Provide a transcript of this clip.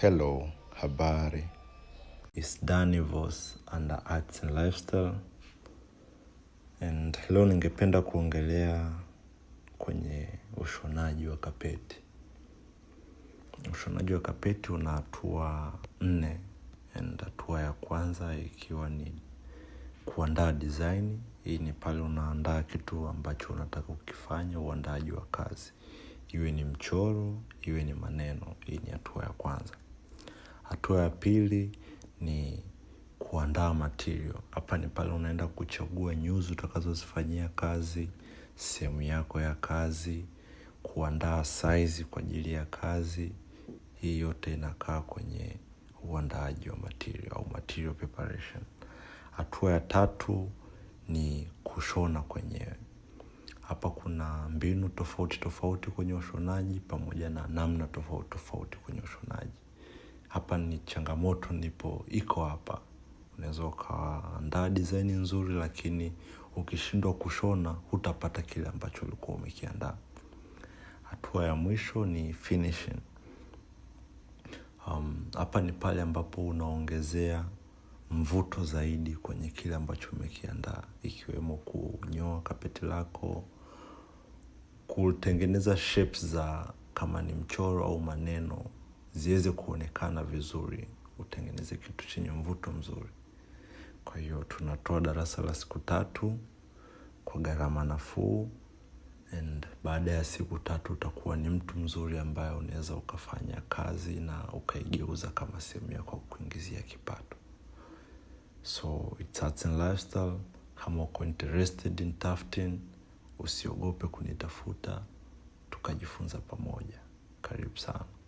Hello, habari. It's Danny Vos under Arts and Lifestyle. And leo ningependa kuongelea kwenye ushonaji wa kapeti. Ushonaji wa kapeti una hatua nne, and hatua ya kwanza ikiwa ni kuandaa design. Hii ni pale unaandaa kitu ambacho unataka kukifanya, uandaaji wa kazi, iwe ni mchoro, iwe ni maneno. Hii ni hatua ya kwanza. Hatua ya pili ni kuandaa material. Hapa ni pale unaenda kuchagua nyuzi utakazozifanyia kazi, sehemu yako ya kazi, kuandaa saizi kwa ajili ya kazi. Hii yote inakaa kwenye uandaaji wa material au material preparation. Hatua ya tatu ni kushona kwenyewe. Hapa kuna mbinu tofauti tofauti kwenye ushonaji pamoja na namna tofauti tofauti kwenye ushonaji hapa ni changamoto ndipo iko hapa unaweza ukaandaa dizaini nzuri lakini ukishindwa kushona hutapata kile ambacho ulikuwa umekiandaa hatua ya mwisho ni finishing um, hapa um, ni pale ambapo unaongezea mvuto zaidi kwenye kile ambacho umekiandaa ikiwemo kunyoa kapeti lako kutengeneza shapes za kama ni mchoro au maneno ziweze kuonekana vizuri utengeneze kitu chenye mvuto mzuri kwa hiyo tunatoa darasa la siku tatu kwa gharama nafuu and baada ya siku tatu utakuwa ni mtu mzuri ambaye unaweza ukafanya kazi na ukaigeuza kama sehemu yako kuingizia kipato so it's kama uko interested in tafting usiogope kunitafuta tukajifunza pamoja karibu sana